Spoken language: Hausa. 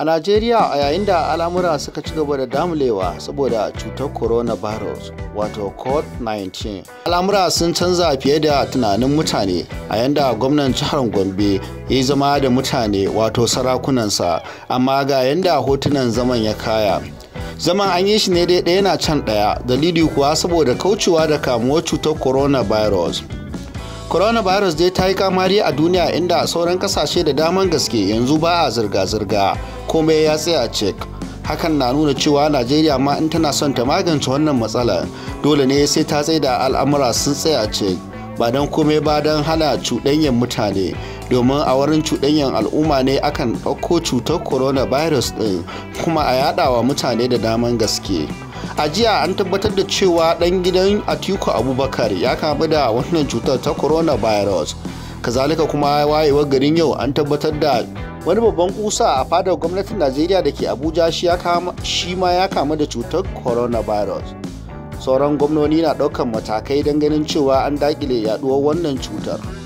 A Najeriya a yayin da al'amura suka ci gaba da damulewa saboda cutar coronavirus wato COVID-19. Al'amura sun canza fiye da tunanin mutane a yanda gwamnan jihar Gombe ya zama da mutane wato sarakunansa amma ga yanda hotunan zaman ya kaya. Zaman an yi shi ne dai ɗaya na can ɗaya dalili kuwa saboda kaucewa da kamuwar cutar coronavirus. coronavirus dai ta yi kamari a duniya inda sauran kasashe da daman gaske yanzu ba a zirga-zirga komai ya tsaya cek hakan na nuna cewa najeriya ma in tana son ta magance wannan matsalar dole ne sai ta da al'amura sun tsaya cek ba don komai ba don hana cuɗanyen mutane domin a wurin cuɗanyen al'umma ne akan ɗauko cutar coronavirus ɗin kuma a yaɗawa mutane da daman gaske. a jiya an tabbatar da cewa dan gidan atiku abubakar ya kamu da wannan cutar ta coronavirus kazalika kuma wayewar garin yau an tabbatar da wani babban kusa a fadar gwamnatin najeriya da ke abuja shi ma ya kamu da cutar coronavirus sauran gwamnoni na ɗaukar matakai don ganin cewa an daƙile yaduwar wannan cutar.